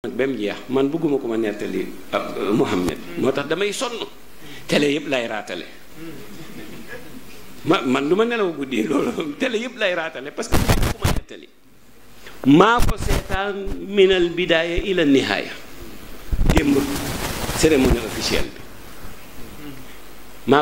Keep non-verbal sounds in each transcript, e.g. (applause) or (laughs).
jeex man bëgguma ko ma nettali euh, Mouhamed moo tax damay sonn télé yëpp lay raatale ma man du ma nelaw guddi (laughs) loolu yëpp lay parce que ku ma nettali maa ko seetaan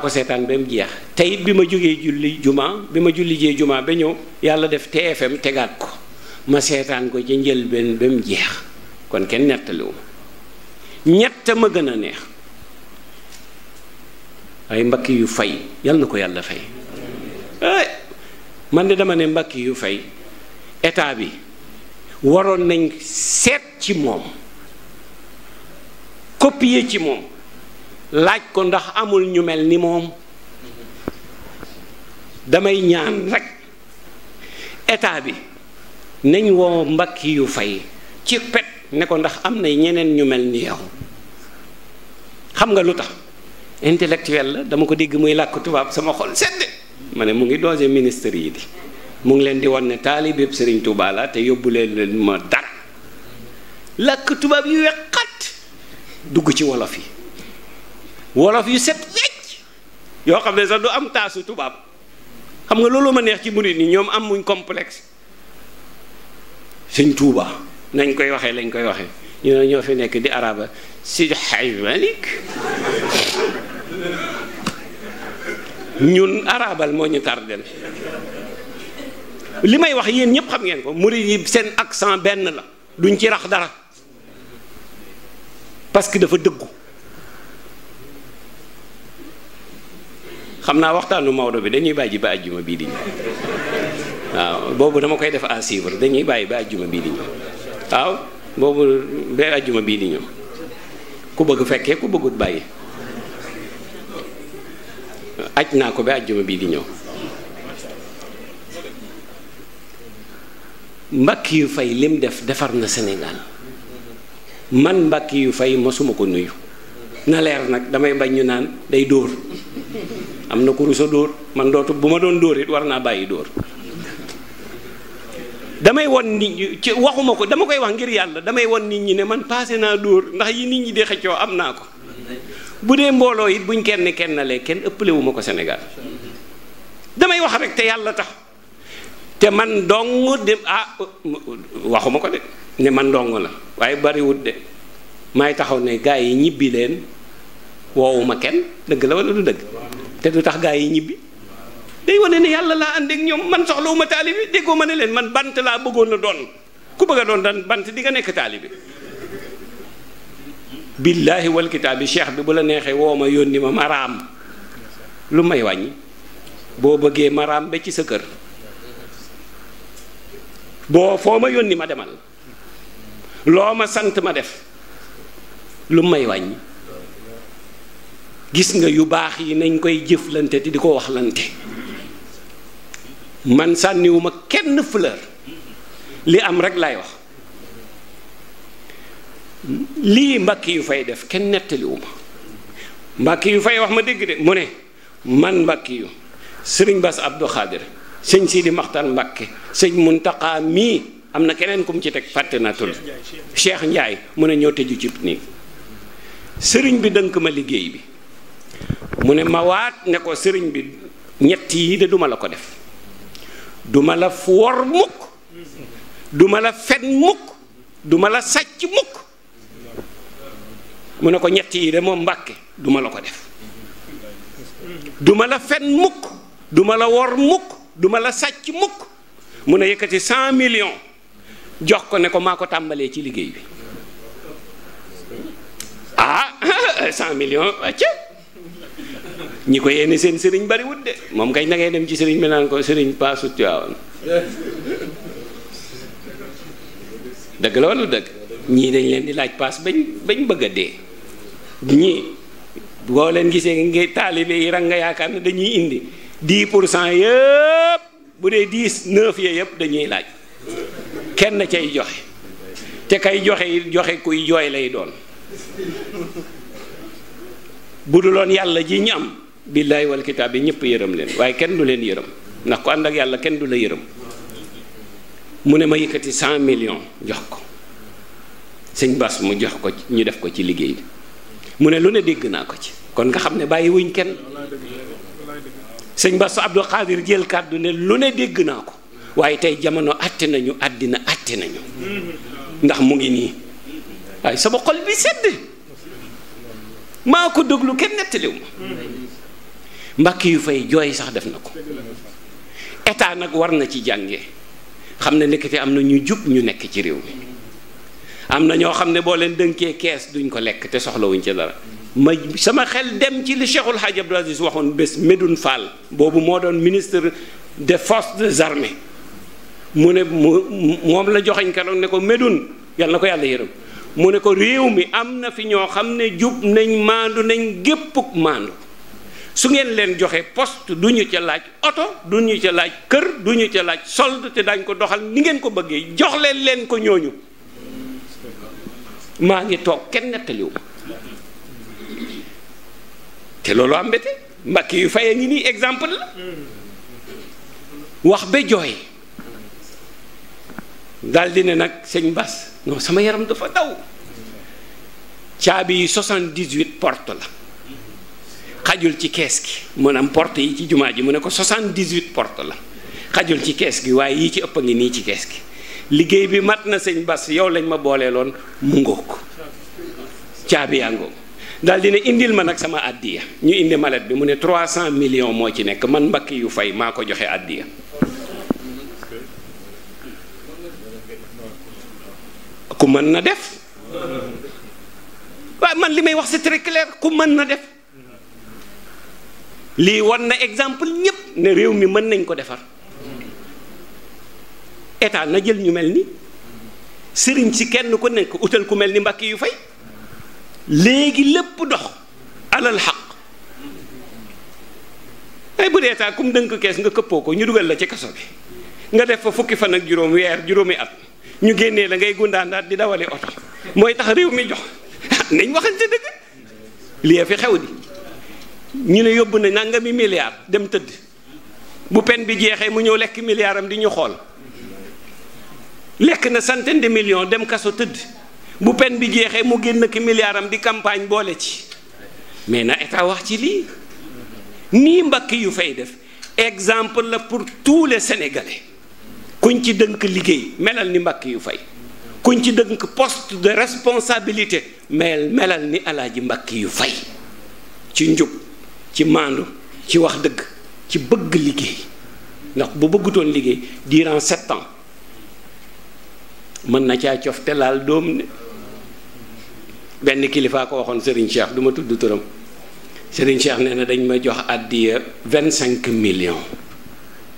ko seetaan ba mu jeex tey bi ma jógee julli juma bi ma julli jee juma ba ñëw yàlla def TFM tegaat ko ma seetaan ko ca njëlbeen ba mu jeex kon kenn nettaliwu ma ñett ma gën a neex ay mbakki yu fay yal na ko yàlla fay eh, man de dama ne mbakki yu fay état bi waroon nañ seet ci moom copier ci moom laaj ko ndax amul ñu mel ni moom damay ñaan rek état bi nañ woo mbakki yu fay ci pet ne ko ndax am na ñeneen ñu mel ni yow xam nga lu tax intellectuel la dama ko dégg muy làkk tubaab sama xol sedd ma ne mu ngi doose ministre yi di mu ngi leen di wan ne taalibeb Sëriñ Tuubaa la te yóbbu leen ma dara làkk tubaab yu weqat dugg ci wolof yi wolof yu set wecc yoo xam ne sax du am taasu tubaab xam nga loolu ma neex ci murit yi ñoom am muñ complexe Sëriñ Tuubaa nañ koy waxee lañ koy waxee ñu ne ñoo fi nekk di araba si xaj malik ñun arabal moo ñu tardel li may wax yéen ñëpp xam ngeen ko murid yi seen accent benn la duñ ci rax dara parce que dafa dëggu xam naa waxtaanu Maodo bi dañuy bàyyi ba àjjuma bii di ñëw waaw boobu dama koy def à dañuy bàyyi ba àjjuma bii di ñëw waaw boobu bee ajjuma bii di ñëw ku bëgg fekkee ku bëggut bàyyi aj naa ko ba ajjuma bii di ñëw mbakki yu fay lim def defar na senegaal man mbakki yu fay mosuma ko nuyu na leer nag damay bañ ñu naan day dóor am na ku rusa dóor man dootu bu ma doon dóor war naa bàyyi dóor damay won nit ci waxuma ko dama koy wax ngir yàlla damay won nit ñi ne man passé naa dóor ndax yi nit ñi de xëccoo am naa ko bu dee mbooloo it buñ kenn kennalee kenn ëppale ma ko senegal damay wax rek te yàlla tax te man dong dem ah waxuma ko de ne man dong la waaye bariwut de may taxaw ne gaa yi ñibbi leen woowuma kenn dëgg la wala du dëgg te du tax gaa yi ñibbi day wane ne yàlla laa ànd ak ñoom man soxlawuma taalibi déggoo ma ne leen man bant laa bëggoon a doon ku bëgg a doon dan bant di nga nekk taalibi billaahi wal kitaabi cheikh bi bu la neexee woo ma yónni ma maraam lu may wàññi boo bëggee maraam ba ci sa kër boo foo ma yónni ma demal loo ma sant ma def lu may wàññi gis nga yu baax yi nañ koy jëflante te di ko waxlante man sànniwuma kenn fleur li am rek laay wax lii mbàkki yu fay def kenn nettaliwuma mbàkki yu fay wax ma dégg de mu ne man mbàkki yu sëriñ bas Abdou Khadir sëñ di Maxtar mbakki sëñ mun Muntaqa mii am na keneen kum ci teg fàtte na tul Cheikh Ndiaye mu ne ñoo tëju cib nii sëriñ bi dënk ma liggéey bi mu ne ma ne ko sëriñ bi ñett yi de duma la ko def duma la wor mukk duma la fen mukk duma la sàcc mukk mu ne ko ñett yi de moom mbàkke duma la ko def duma la fen mukk duma la wor mukk duma la sàcc mukk mun ne yëkkati cent million jox ko ne ko maa ko tàmbalee ci liggéey bi ah (laughs) cent millions acca ñi ko yéene seen sëriñ bariwut de moom kay na ngay dem ci sëriñ bi naan ko sëriñ paasu Tiwaawan dëgg la wala dëgg ñii dañ leen di laaj paas bañ bañ bëgg a dee ñii boo leen gisee nga taalibe yi rang nga yaakaar ne dañuy indi 10 pour cent yëpp bu dee 10 9 yee yëpp dañuy laaj kenn cay joxe te kay joxe joxe kuy jooy lay doon bu duloon yàlla ji ñu am billaay wal kitaab yi ñëpp yërëm leen waaye kenn du leen yërëm ndax ku ànd ak yàlla kenn du la yërëm mu ne ma yëkkati cent millions jox ko sëñ Bas mu jox ko ñu def ko ci liggéey bi mu ne lu ne dégg naa ko ci kon nga xam ne bàyyiwuñ wuñ kenn sëñ Bas Abdou Khadir jël kàddu ne lu ne dégg naa ko waaye tey jamono àtte nañu àddina àtte nañu ndax mu ngi nii waaye sama xol bi sedd maa ko déglu kenn nettaliw ma mbakk yu fay jooy sax def na ko etaa nag war na ci jànge xam ne nekkati am na ñu jub ñu nekk ci réew mi am na ñoo xam ne boo leen dënkee kees duñ ko lekk te soxlawuñ ci dara ma sama xel dem ci li Cheikhul Hadj Abdoul Aziz waxoon bés Medoune Fall boobu moo doon ministre de forces de armées mu ne mu moom la joxeñ keroog ne ko Medoune yàlla na ko yàlla yërëm mu ne ko réew mi am na fi ñoo xam ne jub nañ maandu nañ géppuk maandu su ngeen leen joxe poste du ñu ca laaj oto du ñu ca laaj kër du ñu ca laaj solde te dañ ko doxal ni ngeen ko bëggee jox leen leen ko ñooñu maa ngi toog kenn nettaliwu te loolu am bete mbakki yu fay a ngi nii exemple la wax ba jooy daldi ne nag sëñ Bass non sama yaram dafa daw caabi yi 78 porte la xajul ci kees gi maanaam porte yi ci jumaa ji mu ne ko 78 port la xajul ci kees gi waaye yi ci ëpp ngi nii ci kees gi liggéey bi mat na sëñ Bas yow lañ ma boolee loon mu ngoog caabi yaa ngoog di ne indil ma nag sama àddiya ñu indi malet bi mu ne trois 300 millions moo ci nekk man mbakki yu fay maa ko joxe àddiya ku mën na def waaw man li may wax c'est très ku mën na def lii wan na exemple ñépp ne réew mi mën nañ ko defar état na jël ñu mel ni sëriñ si kenn ku nekk utal ku mel ni mbakki yu fay léegi lépp dox alal xaq ay bu dee état kum dënk kees nga këppoo ko ñu dugal la ci kaso bi nga def fa fukki fan ak juróom weer juróomi at ñu génnee la ngay gundaandaat di dawali oto mooy tax réew mi jox (laughs) nañ waxante dëgg lii fi xew di ñu ne yóbbu na nangami milliard dem tëdd bu pen bi jeexee mu ñëw lekk milliard am di ñu xool lekk na centaine de millions dem kaso tëdd bu pen bi jeexee mu génn ki milliard di campagne boole ci mais na état wax ci lii nii mbakki yu fay def exemple la pour tous les sénégalais kuñ ci dënk liggéey melal ni mbakki yu fay kuñ ci dënk poste de responsabilité mel melal ni alaaji mbakki yu fay ci njub ci maandu ci wax dëgg ci bëgg liggéey ndax bu bëggutoon liggéey durant sept ans mën na caa cofte te laal doom ne benn kilifaa ko waxoon Serigne Cheikh duma tudd turam Serigne Cheikh nee dañ ma jox àddiya vingt cinq millions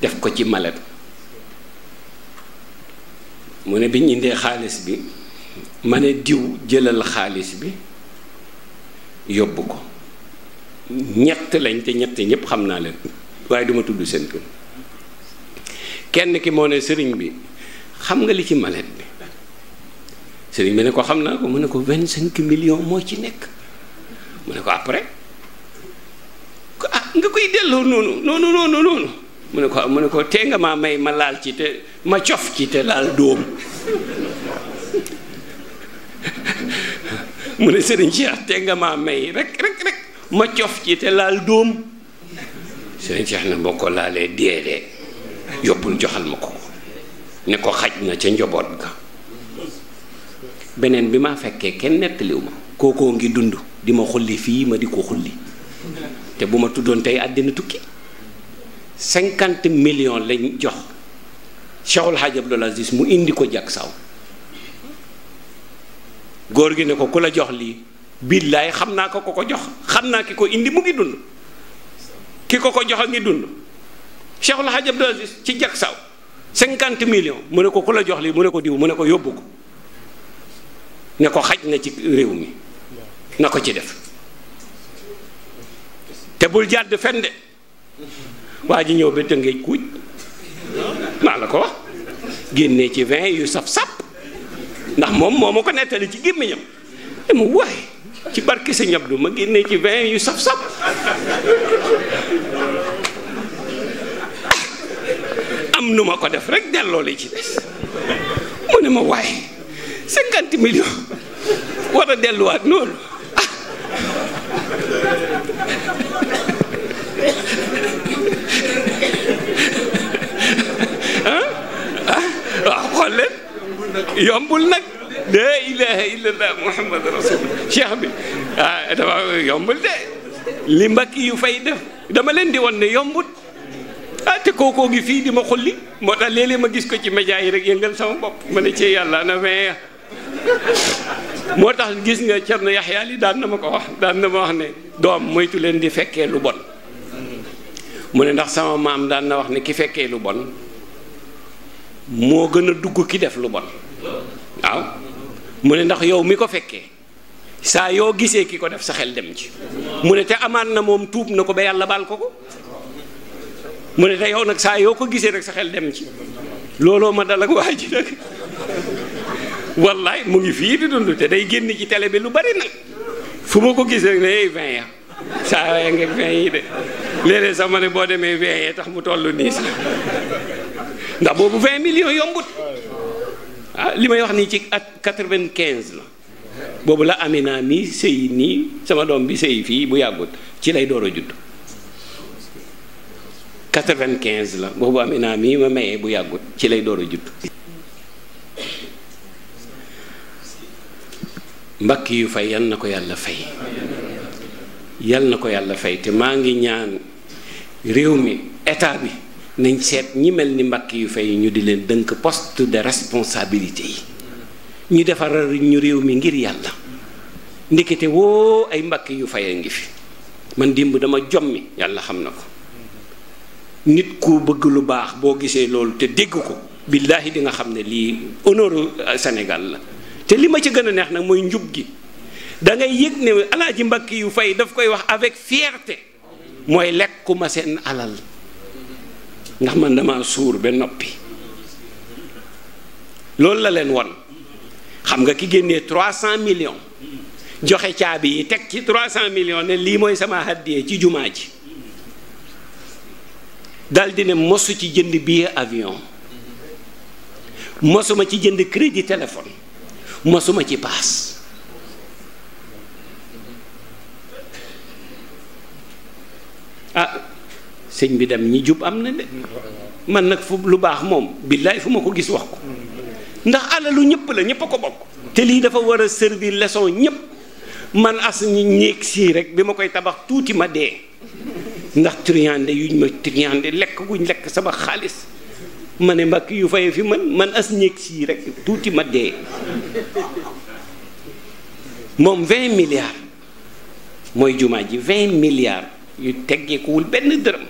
def ko ci malet mu ne bi ñu indee xaalis bi ma ne diw jëlal xaalis bi yóbbu ko ñett lañ te ñett ñëpp xam naa leen waaye duma tudd seen kër kenn ki moo ne sëriñ bi xam nga li ci malet bi sëriñ bi ne ko xam naa ko mu ne ko vingt cinq millions moo ci nekk mu ne ko après ah nga koy delloo noonu noonu noonu mu ne ko mu ne ko tee nga maa may ma laal ci te ma cof ci te laal dóom (laughs) mu ne sëriñ Cheikh tee nga maa may rek rek ma cof ci te laal dóom sëriñ Cheikh ne boo ko laalee dee dee yóbbul joxal ma ko ne ko xaj na ca njaboot ga beneen bi ma fekkee kenn nettaliw ma kookoo ngi dund di ma xulli fii ma di ko xulli te bu ma tuddoon tey àddina tukki cinquante millions lañu jox Cheikhul Hadj Abdoul Aziz mu indi ko jag saw góor gi ne ko ku la jox lii billaay xam naa ko ko ko jox xam naa ki ko indi mu ngi dund ki ko ko jox a ngi dund Cheikhul Hadj Abdou ci jag saw cinquante million mu ne ko ku la jox lii mu ne ko diw mu ne ko yóbbu ne ko xaj na ci réew mi na ko ci def te bul jàdd fende waa ji ñëw ba tëngeej kuuj maa la ko wax génnee ci vingt yu saf sàpp ndax moom moo ma ko nettali ci gémmiñam dama waay ci barke Sëñ Abdou ma génnee ci vin yu saf-saf am nu ma ko def rekk delloo li ci des mu ne ma waaye cinquante millions delluwaat noonu waaw ah. ah. ah, xool leen yombul nag laa ilaha illallah muhammad rasulullah cheikh bi ah dafa yombul de li mbakki yu fay def dama leen di won ne yombut ah te kookoo gi fii di ma xulli moo tax léeg-léeg ma gis ko ci média yi rek yëngal sama bopp ma ne ci yàlla na fee moo tax gis nga Cerno Yaxya li daan na ma ko wax daan na ma wax ne doom moytu leen di fekkee lu bon mu ne ndax sama maam daan na wax ne ki fekkee lu bon moo gën a dugg ki def lu bon waaw mu ne ndax yow mi ko fekkee saa yoo gisee ki ko def sa xel dem ci mu ne te amaan na moom tuub na ko ba yàlla baal ko ko mu ne te yow nag saa yoo ko gisee rek sa xel dem ci looloo ma dal ak waa ji nag wallaay mu ngi fii di dund te day génn ci télé bi lu bari nag fu ma ko gisee ne vingt ya saa ya nga vingt yi de léeg-léeg sax ma ne boo demee vingt ya tax mu toll nii sax ndax boobu vingt millions yombut ah li may wax ni ci ak at 95 la boobu la Amina mi sëy nii sama doom bi sëy fii bu yàggut ci lay door a judd 95 la boobu Amina mii ma mayee bu yàggut ci lay door a judd mbakk yu fay yal na ko yàlla fay yal na ko yàlla fay te maa ngi ñaan réew mi état bi nañ seet ñi mel ni mbakk yu fay ñu di leen dënk poste de responsabilité yi ñu defaral ñu réew mi ngir yàlla ndekete woo ay mbakk yu fay a ngi fi man dimb dama jommi yàlla xam na ko nit ku bëgg lu baax boo gisee loolu te dégg ko billaahi di nga xam ne lii honneur senegal la te li ma ci gën a neex nag mooy njub gi dangay ngay yëg ne alaaji mbakk yu fay daf koy wax avec fierté mooy lekkuma seen alal ndax man dama suur ba noppi loolu la leen won xam nga ki génnee 300 millions joxe caabi yi teg ci 300 millions ne lii mooy sama haddiyee ci jumaa ji daldi ne mosu ci jënd billet avion mosuma ci jënd crédit téléphone mosuma ci paas ah, sëñ bi dem ñi jub am na de man nag fu lu baax moom billaay fu ma ko gis wax ko ndax alalu ñëpp la ñëpp a ko bokk te lii dafa war a servir leçon ñëpp man as ñi sii rek bi ma koy tabax tuuti ma dee ndax triande yuñ ma triande lekk guñ lekk sama xaalis ma ne mbakk yu faye fi man man as néeg sii rek tuuti ma dee moom 20 milliards mooy jumaa ji 20 milliards yu teggeekuwul benn dërëm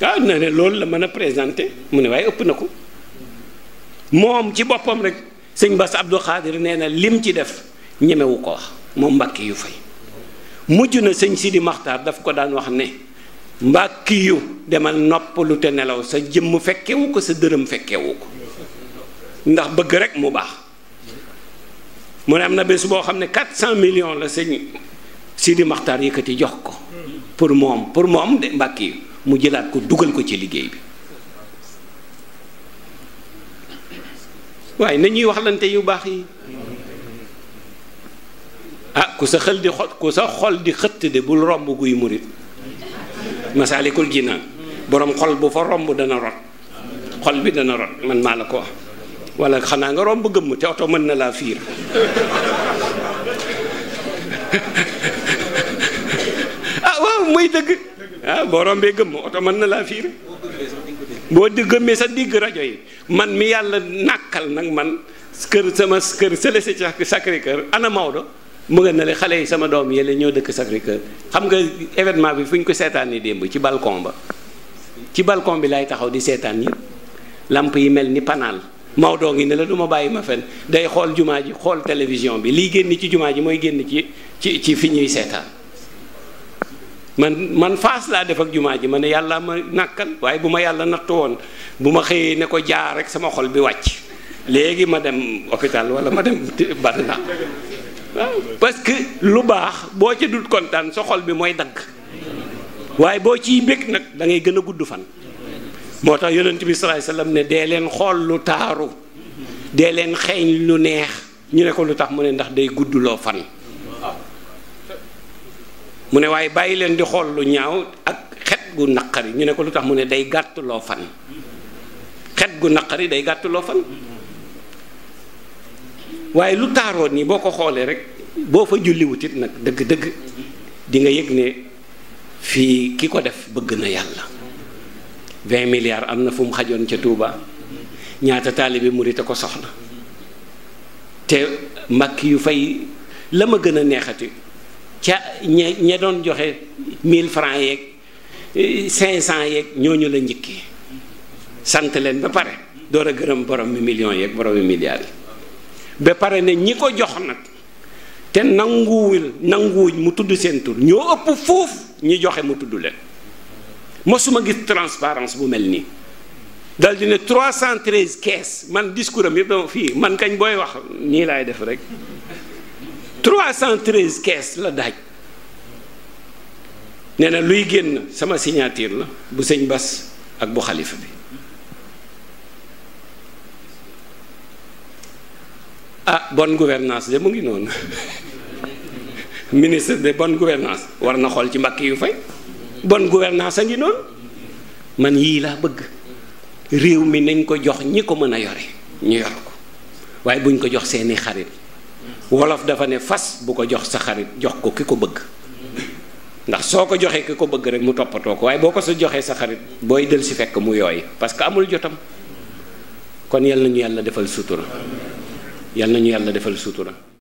waaw na ne loolu la mën a présenté mu ne waaye ëpp na ko moom ci boppam rek sëñ Bass Abdou Khadir nee na lim ci def ñemewu ko wax moom mbàkki yu fay mujj na sëñ siidi Maxtaar daf ko daan wax ne mbàkki yu demal noppalu te nelaw sa jëmm fekkewu ko sa dërëm fekkewu ko ndax bëgg rek mu baax mu ne am na bés boo xam ne 400 millions la sëñ Sidi Maxtaar yëkkati jox ko pour moom pour moom de mbàkki yu mu jëlaat ko dugal ko ci liggéey bi waaye nañuy waxlante yu baax yi ah ku sa xel di xot ku sa xol di xëtt de bul romb guy murit masaalikul jinaan borom xol bu fa romb dana rot xol bi dana rot man maa la ko wax wala xanaa nga romb gëmm te oto mën na laa fiir (laughs) ah waaw mooy dëgg ah boo rombee gëmm oto mën na laa fiir boo di gëmmee sa digg rajo yi man mi yàlla nakkal nag man kër sama kër sële si Sacré Cœur ana Maodo mu nga ne le xale yi sama doom yële ñoo dëkk Sacré Cœur xam nga événement bi fu ñu ko seetaanee démb ci balkon ba ci balcon bi laay taxaw di seetaan yëpp lamp yi mel ni panaal Maodo ngi ne la du ma bàyyi ma fen day xool jumaa ji xool télévision bi liy génn ci jumaa ji mooy génn ci ci ci fi ñuy seetaan man man faas laa def ak jumaa ji ma ne yàlla ma nàkkal waaye bu ma yàlla natt woon bu ma xëyee ne ko jaar rek sama xol bi wàcc léegi ma dem hôpital wala ma dem barna parce que lu baax boo ci dul kontaan sa xol bi mooy dagg waaye boo ciy bég nag dangay gën a gudd fan moo tax yonent bi sallallahu alayhi wasallam ne dee leen xool lu taaru dee leen xeeñ lu neex ñu ne ko lu tax mu ne ndax day guddloo fan mu ne waaye bàyyi leen di xool lu ñaaw ak xet gu naqari ñu ne ko lu tax mu ne day gàttuloo fan xet gu naqari day gàttuloo fan waaye lu taaroo nii boo ko xoolee rek boo fa julliwut it nag dëgg-dëgg dinga yëg ne fii ki ko def bëgg na yàlla vingt milliards am na fu mu xajoon ca Touba ñaata taalibe murit a ko soxna te mag yu fay la ma gën a neexati ca ña ña doon joxe 1000 francs yeeg 500 eh, yeeg ñu la njëkkee sant leen ba pare door a gërëm borom mi million yeeg borom mi milliards yi ba pare ne ñi ko jox nag te nanguwul nanguwuñ mu tudd seen tur ñoo ëpp foofu ñi joxe mu tudd leen mosuma gis transparence bu mel nii dal di ne 313 caisse man discours am yëpp fii man kañ booy wax nii laay def rek trois cent treize caisse la daaj nee na luy génn sama signature la bu sëñ Bas ak bu xalifa bi ah bon gouvernance de mu ngi noonu (laughs) ministre de bon gouvernance war na xool ci mbakk yu fay bon gouvernance a ngi noonu man yii laa bëgg réew mi nañ ko jox ñi ko mën a yore ñu yor ko waaye buñ ko jox seeni xarit wolof dafa ne fas bu ko jox sa xarit jox ko ki ko bëgg ndax soo ko joxee ki ko bëgg rek mu toppatoo ko waaye boo ko sa joxee sa xarit booy del si fekk mu yooy parce que amul jotam kon yal na ñu yàlla defal sutura yal na ñu yàlla defal sutura